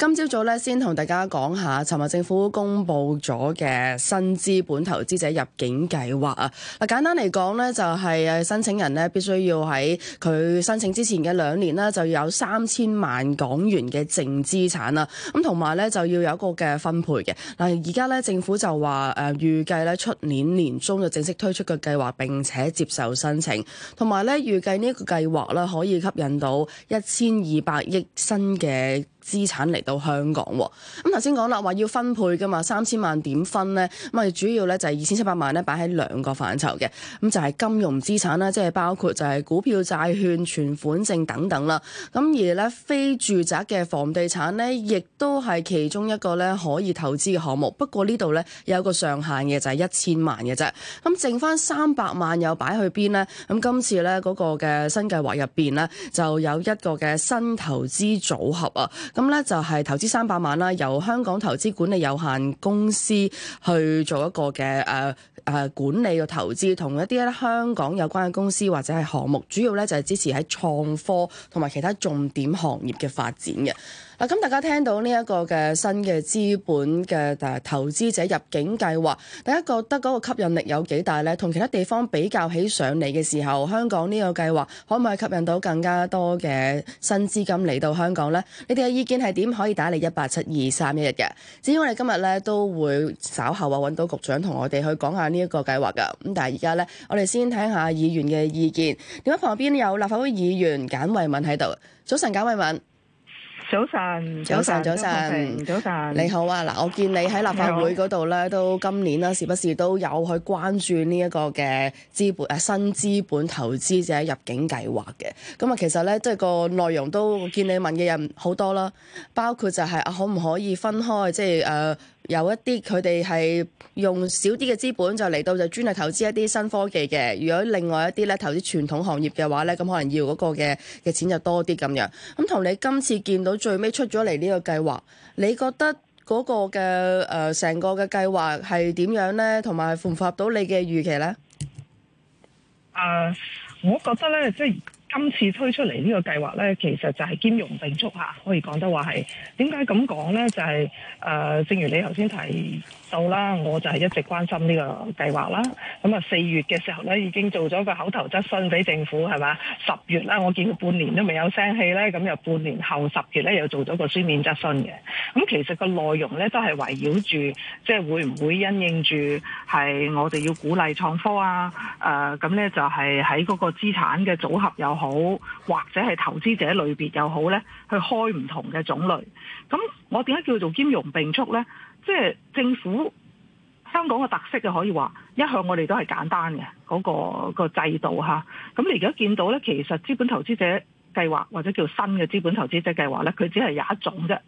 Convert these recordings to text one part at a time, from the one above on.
今朝早咧，先同大家講下，尋日政府公布咗嘅新資本投資者入境計劃啊。嗱，簡單嚟講咧，就係誒，申請人咧必須要喺佢申請之前嘅兩年呢，就要有三千萬港元嘅淨資產啦。咁同埋咧，就要有一個嘅分配嘅。嗱，而家咧政府就話誒，預計咧出年年中就正式推出嘅計劃，並且接受申請。同埋咧，預計呢個計劃咧可以吸引到一千二百億新嘅。資產嚟到香港，咁頭先講啦，話要分配噶嘛，三千萬點分呢？咁啊，主要咧就係二千七百萬咧，擺喺兩個範疇嘅，咁就係、是、金融資產啦，即係包括就係股票、債券、存款證等等啦。咁而咧非住宅嘅房地產咧，亦都係其中一個咧可以投資嘅項目。不過呢度咧有個上限嘅，就係一千萬嘅啫。咁剩翻三百萬又擺去邊呢？咁今次咧嗰個嘅新計劃入邊咧，就有一個嘅新投資組合啊。咁咧就係投資三百萬啦，由香港投資管理有限公司去做一個嘅誒、呃、管理嘅投資，同一啲咧香港有關嘅公司或者係項目，主要咧就係支持喺創科同埋其他重點行業嘅發展嘅。嗱，咁大家聽到呢一個嘅新嘅資本嘅投資者入境計劃，大家覺得嗰個吸引力有幾大呢？同其他地方比較起上嚟嘅時候，香港呢個計劃可唔可以吸引到更加多嘅新資金嚟到香港呢？你哋嘅意見係點？可以打嚟一八七二三一日嘅。至於我哋今日呢，都會稍後啊揾到局長同我哋去講下呢一個計劃㗎。咁但係而家呢，我哋先聽下議員嘅意見。點解旁邊有立法會議員簡慧敏喺度？早晨，簡慧敏。早晨，早晨，早晨，早晨，早晨。你好啊，嗱，我見你喺立法會嗰度咧，都今年啦，時不時都有去關注呢一個嘅資本誒新資本投資者入境計劃嘅？咁啊，其實咧，即係個內容都見你問嘅人好多啦，包括就係啊，可唔可以分開，即係、呃、誒。有一啲佢哋係用少啲嘅資本就嚟到就專係投資一啲新科技嘅。如果另外一啲咧投資傳統行業嘅話咧，咁可能要嗰個嘅嘅錢就多啲咁樣。咁同你今次見到最尾出咗嚟呢個計劃，你覺得嗰個嘅誒成個嘅計劃係點樣咧？同埋符合到你嘅預期咧？誒，uh，我覺得咧，即係。今次推出嚟呢個計劃呢，其實就係兼容並蓄嚇，可以講得話係，點解咁講呢？就係、是、誒、呃，正如你頭先提。到啦，我就係一直關心呢個計劃啦。咁啊，四月嘅時候咧，已經做咗個口頭質詢俾政府係嘛？十月啦，我見佢半年都未有聲氣咧，咁又半年後十月咧又做咗個書面質詢嘅。咁其實個內容咧都係圍繞住，即係會唔會因應住係我哋要鼓勵創科啊？誒，咁咧就係喺嗰個資產嘅組合又好，或者係投資者類別又好咧，去開唔同嘅種類。咁我點解叫做兼容並蓄咧？即係政府香港嘅特色就可以話，一向我哋都係簡單嘅嗰、嗰個、嗰個制度吓。咁你而家見到咧，其實資本投資者計劃或者叫新嘅資本投資者計劃咧，佢只係有一種啫，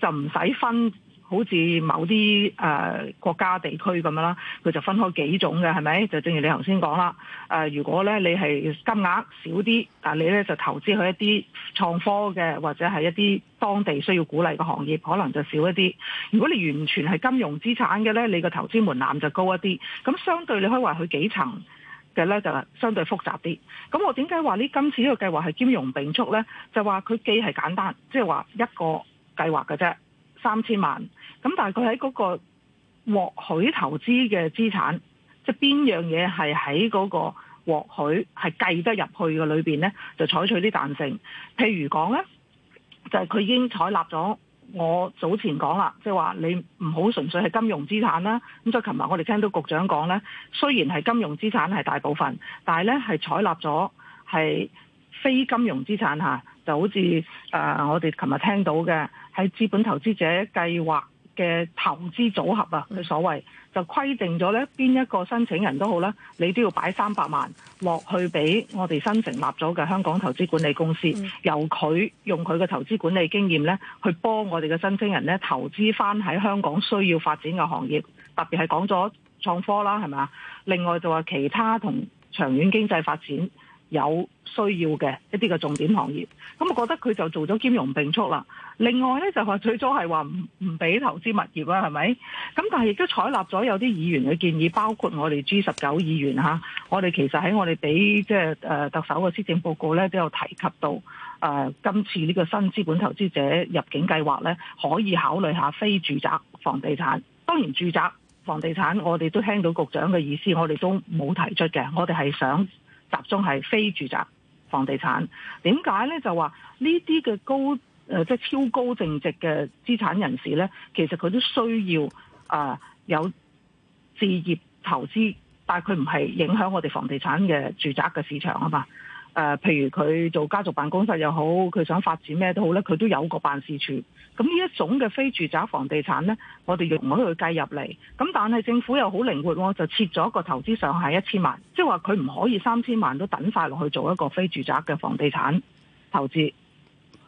就唔使分。好似某啲誒、呃、國家地區咁樣啦，佢就分開幾種嘅，係咪？就正如你恒先頭先講啦。誒、呃，如果咧你係金額少啲，但你咧就投資去一啲創科嘅，或者係一啲當地需要鼓勵嘅行業，可能就少一啲。如果你完全係金融資產嘅咧，你個投資門檻就高一啲。咁相對你可以話佢幾層嘅咧，就相對複雜啲。咁我點解話呢？今次呢個計劃係兼容並蓄咧，就話佢既係簡單，即係話一個計劃嘅啫。三千萬咁，但係佢喺嗰個獲許投資嘅資產，即係邊樣嘢係喺嗰個獲許係計得入去嘅裏面呢？就採取啲彈性。譬如講呢，就係、係、佢已經採納咗我早前講啦，即係話你唔好純粹係金融資產啦。咁在琴日我哋聽到局長講呢，雖然係金融資產係大部分，但係咧係採納咗係非金融資產下，就好似誒、呃、我哋琴日聽到嘅。係資本投資者計劃嘅投資組合啊，佢所謂就規定咗咧，邊一個申請人都好啦，你都要擺三百萬落去俾我哋新成立咗嘅香港投資管理公司，由佢用佢嘅投資管理經驗咧，去幫我哋嘅申請人咧投資翻喺香港需要發展嘅行業，特別係講咗創科啦，係咪？另外就話其他同長遠經濟發展。有需要嘅一啲嘅重點行業，咁我覺得佢就做咗兼容並蓄啦。另外呢，就話最初係話唔唔俾投資物業啦，係咪？咁但係亦都採納咗有啲議員嘅建議，包括我哋 G 十九議員吓、啊，我哋其實喺我哋俾即係特首嘅施政報告咧都有提及到，誒、呃、今次呢個新資本投資者入境計劃咧可以考慮下非住宅房地產。當然住宅房地產我哋都聽到局長嘅意思，我哋都冇提出嘅，我哋係想。集中係非住宅房地產，點解呢？就話呢啲嘅高誒，即係超高淨值嘅資產人士呢，其實佢都需要啊、呃、有置業投資，但係佢唔係影響我哋房地產嘅住宅嘅市場吖嘛。誒、呃，譬如佢做家族辦公室又好，佢想發展咩都好咧，佢都有個辦事處。咁呢一種嘅非住宅房地產咧，我哋容許佢計入嚟。咁但係政府又好靈活、哦，就設咗一個投資上限一千萬，即係話佢唔可以三千萬都等晒落去做一個非住宅嘅房地產投資。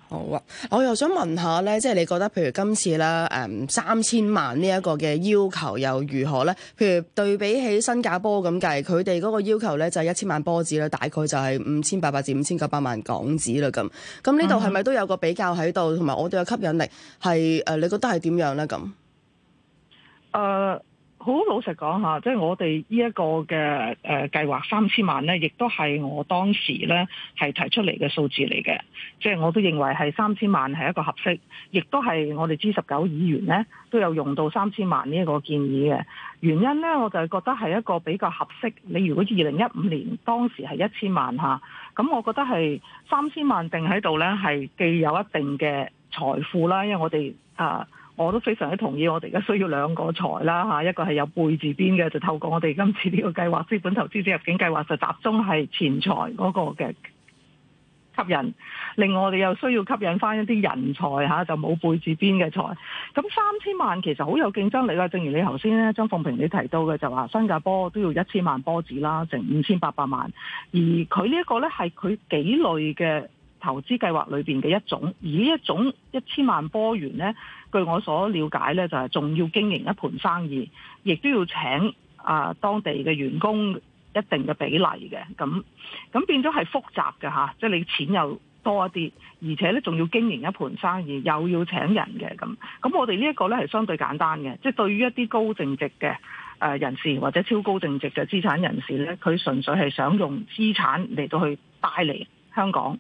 好啊！我又想問下咧，即係你覺得，譬如今次啦，誒三千萬呢一個嘅要求又如何呢？譬如對比起新加坡咁計，佢哋嗰個要求呢，就係一千萬坡紙，啦，大概就係五千八百至五千九百萬港紙啦。咁咁呢度係咪都有個比較喺度？同埋我哋嘅吸引力係誒，你覺得係點樣呢？咁。誒。好老實講嚇，即係我哋呢一個嘅計劃三千萬咧，亦都係我當時咧係提出嚟嘅數字嚟嘅。即係我都認為係三千萬係一個合適，亦都係我哋 G19 議員咧都有用到三千萬呢一個建議嘅原因咧，我就覺得係一個比較合適。你如果二零一五年當時係一千萬下，咁我覺得係三千萬定喺度咧，係既有一定嘅財富啦。因為我哋啊～、呃我都非常之同意，我哋而家需要兩個財啦吓，一個係有背字邊嘅，就透過我哋今次呢個計劃資本投資者入境計劃，就集中係錢財嗰個嘅吸引。另外，我哋又需要吸引翻一啲人才吓，就冇背字邊嘅財。咁三千萬其實好有競爭力啦。正如你頭先咧，張鳳平你提到嘅就話新加坡都要一千萬波子啦，成五千八百萬。而佢呢一個咧係佢幾類嘅。投資計劃裏邊嘅一種，而呢一種一千萬波元呢，據我所了解呢，就係、是、仲要經營一盤生意，亦都要請啊、呃、當地嘅員工一定嘅比例嘅，咁咁變咗係複雜嘅吓，即、啊、係、就是、你錢又多一啲，而且呢，仲要經營一盤生意，又要請人嘅咁。咁我哋呢一個呢，係相對簡單嘅，即、就、係、是、對於一啲高淨值嘅誒人士或者超高淨值嘅資產人士呢，佢純粹係想用資產嚟到去帶嚟香港。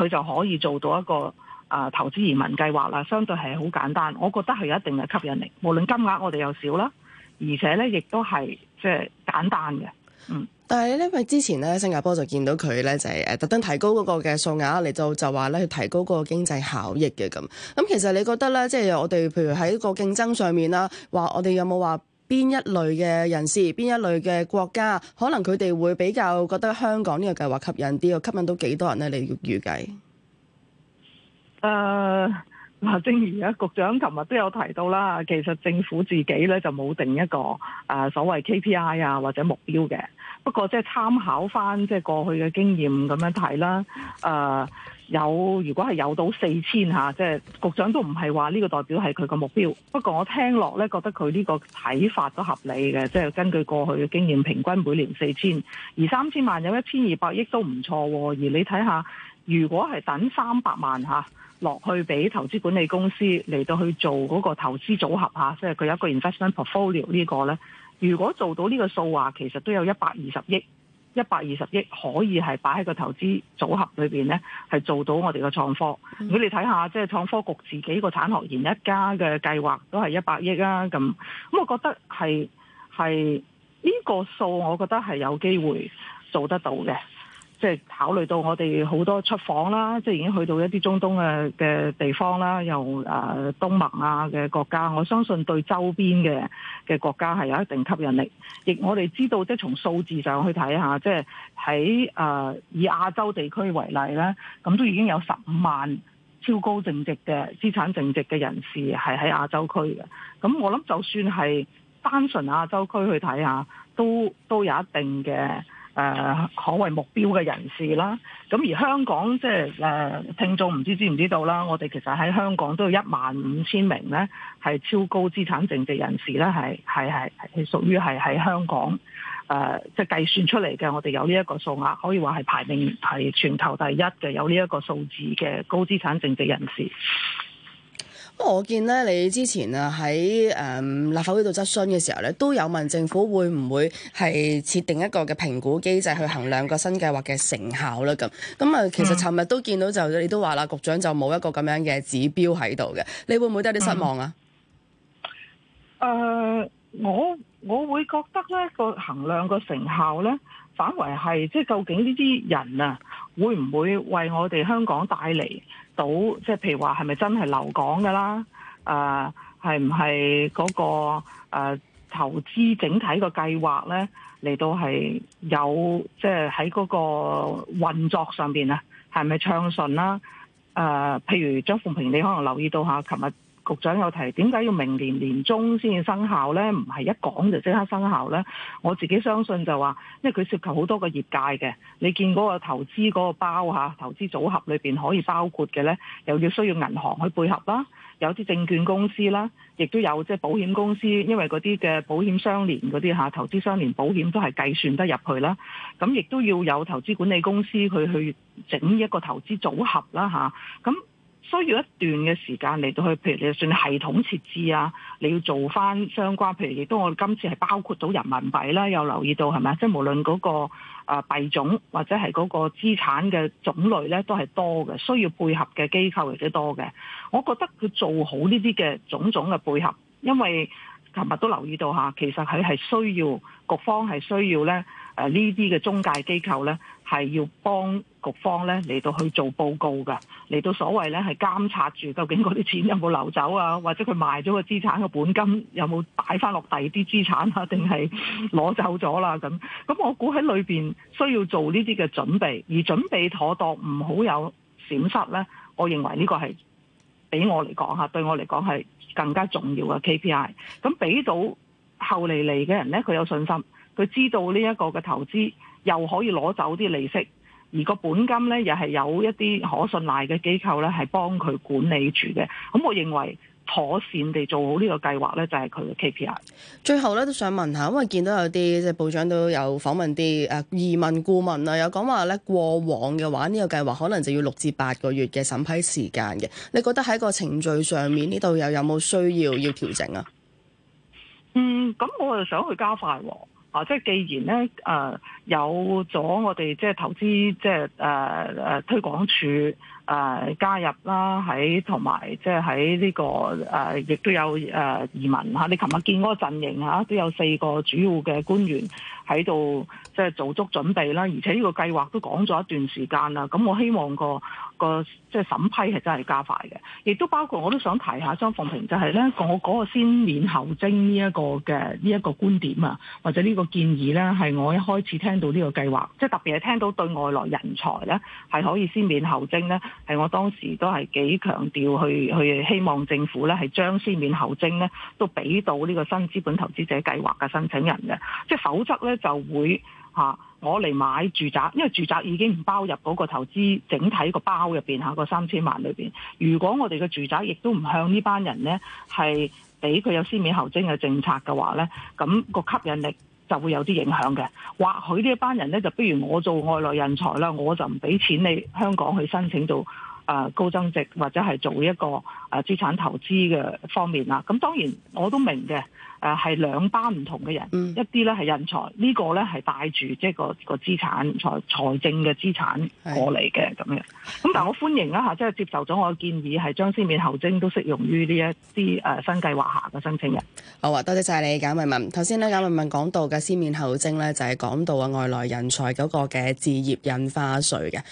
佢就可以做到一個啊、呃、投資移民計劃啦，相對係好簡單，我覺得係有一定嘅吸引力。無論金額我哋又少啦，而且咧亦都係即係簡單嘅。嗯，但係因為之前咧新加坡就見到佢咧就係、是、誒特登提高嗰個嘅數額嚟到就話咧去提高個經濟效益嘅咁。咁、嗯、其實你覺得咧即係我哋譬如喺個競爭上面啦，話我哋有冇話？邊一類嘅人士，邊一類嘅國家，可能佢哋會比較覺得香港呢個計劃吸引啲，又吸引到幾多人咧？你要預計？誒，嗱，正如啊局長琴日都有提到啦，其實政府自己咧就冇定一個啊所謂 KPI 啊或者目標嘅，不過即係參考翻即係過去嘅經驗咁樣睇啦，誒、uh,。有，如果係有到四千嚇，即係局長都唔係話呢個代表係佢個目標。不過我聽落呢覺得佢呢個睇法都合理嘅，即係根據過去嘅經驗，平均每年四千，而三千萬有一千二百億都唔錯。而你睇下，如果係等三百萬嚇落去俾投資管理公司嚟到去做嗰個投資組合嚇，即係佢有一個 investment portfolio 呢個呢，如果做到呢個數話，其實都有一百二十億。一百二十億可以係擺喺個投資組合裏邊呢，係做到我哋嘅創科。如果你睇下即係創科局自己個產學研一家嘅計劃都是、啊，都係一百億啦。咁咁，我覺得係係呢個數，我覺得係有機會做得到嘅。即係考慮到我哋好多出訪啦，即係已經去到一啲中東嘅嘅地方啦，又誒東盟啊嘅國家，我相信對周邊嘅嘅國家係有一定吸引力。亦我哋知道，即係從數字上去睇下，即係喺誒以亞洲地區為例咧，咁都已經有十五萬超高淨值嘅資產淨值嘅人士係喺亞洲區嘅。咁我諗就算係單純亞洲區去睇下，都都有一定嘅。誒、呃、可謂目標嘅人士啦，咁、啊、而香港即係誒聽眾唔知知唔知道啦，我哋其實喺香港都有一萬五千名咧係超高資產淨值人士咧，係係係屬於係喺香港誒、呃、即係計算出嚟嘅，我哋有呢一個數額，可以話係排名係全球第一嘅，有呢一個數字嘅高資產淨值人士。我見咧，你之前啊喺誒立法會度質詢嘅時候咧，都有問政府會唔會係設定一個嘅評估機制去衡量個新計劃嘅成效咧？咁咁啊，其實尋日都見到就你都話啦，局長就冇一個咁樣嘅指標喺度嘅，你會唔會都有啲失望啊？誒、嗯呃，我我會覺得咧個衡量個成效咧。反為係即係究竟呢啲人啊，會唔會為我哋香港帶嚟到即係譬如話係咪真係留港噶啦？誒，係唔係嗰個、呃、投資整體嘅計劃咧嚟到係有即係喺嗰個運作上邊啊，係咪暢順啦？誒、呃，譬如張鳳平，你可能留意到下琴日。局長有提，點解要明年年中先生效呢？唔係一講就即刻生效呢。我自己相信就話，因為佢涉及好多個業界嘅。你見嗰個投資嗰個包嚇，投資組合裏邊可以包括嘅呢，又要需要銀行去配合啦，有啲證券公司啦，亦都有即係保險公司，因為嗰啲嘅保險相連嗰啲嚇，投資相連保險都係計算得入去啦。咁亦都要有投資管理公司佢去，去整一個投資組合啦吓。咁需要一段嘅時間嚟到去，譬如你算系統設置啊，你要做翻相關，譬如亦都我今次係包括到人民幣啦，又留意到係咪，即係無論嗰個啊幣種或者係嗰個資產嘅種類咧，都係多嘅，需要配合嘅機構亦都多嘅。我覺得佢做好呢啲嘅種種嘅配合，因為琴日都留意到吓，其實佢係需要各方係需要咧，誒呢啲嘅中介機構咧，係要幫。局方咧，嚟到去做報告㗎，嚟到所謂咧係監察住，究竟嗰啲錢有冇流走啊，或者佢賣咗個資產嘅本金有冇擺翻落第二啲資產啊，定係攞走咗啦，啊？咁咁，我估喺裏邊需要做呢啲嘅準備，而準備妥當唔好有閃失咧。我認為呢個係俾我嚟講吓，對我嚟講係更加重要嘅 KPI。咁俾到後嚟嚟嘅人咧，佢有信心，佢知道呢一個嘅投資又可以攞走啲利息。而個本金咧，又係有一啲可信賴嘅機構咧，係幫佢管理住嘅。咁，我認為妥善地做好呢個計劃咧，就係佢嘅 KPI。最後咧，都想問下，因為見到有啲即係部長都有訪問啲誒、啊、移民顧問啦、啊，有講話咧過往嘅話，呢、呢個計劃可能就要六至八個月嘅審批時間嘅。你覺得喺個程序上面呢度又有冇需要要調整啊？嗯，咁我就想去加快喎、哦，啊，即係既然咧，誒、呃。有咗我哋即係投資即係誒誒推廣署誒、呃、加入啦，喺同埋即係喺呢個誒亦、呃、都有誒、呃、移民吓，你琴日見嗰個陣營嚇，都有四個主要嘅官員喺度，即係做足準備啦。而且呢個計劃都講咗一段時間啦。咁我希望個個即係審批係真係加快嘅，亦都包括我都想提下張鳳平，就係、是、咧我嗰、那個先免後徵呢一個嘅呢一個觀點啊，或者呢個建議咧，係我一開始聽。到、這、呢個計劃，即係特別係聽到對外來人才咧，係可以先免後徵咧，係我當時都係幾強調去去希望政府咧係將先免後徵咧都俾到呢個新資本投資者計劃嘅申請人嘅，即係否則咧就會吓、啊、我嚟買住宅，因為住宅已經唔包入嗰個投資整體個包入邊，吓個三千萬裏邊，如果我哋嘅住宅亦都唔向呢班人咧係俾佢有先免後徵嘅政策嘅話咧，咁、那個吸引力。就會有啲影響嘅，或許呢一班人咧，就不如我做外來人才啦，我就唔俾錢，你香港去申請做。誒、啊、高增值或者係做一個誒、啊、資產投資嘅方面啦，咁、啊、當然我都明嘅，誒、啊、係兩班唔同嘅人，嗯、一啲咧係人才，呢個、呢是個咧係帶住即係個個資產財財政嘅資產過嚟嘅咁樣，咁但係我歡迎一下，即、就、係、是、接受咗我嘅建議係將先免後徵都適用於呢一啲誒、啊、新計劃下嘅申請人。好啊，多謝晒你，簡慧敏。頭先咧，簡慧敏講到嘅先免後徵咧，就係、是、講到啊外來人才嗰個嘅置業印花稅嘅。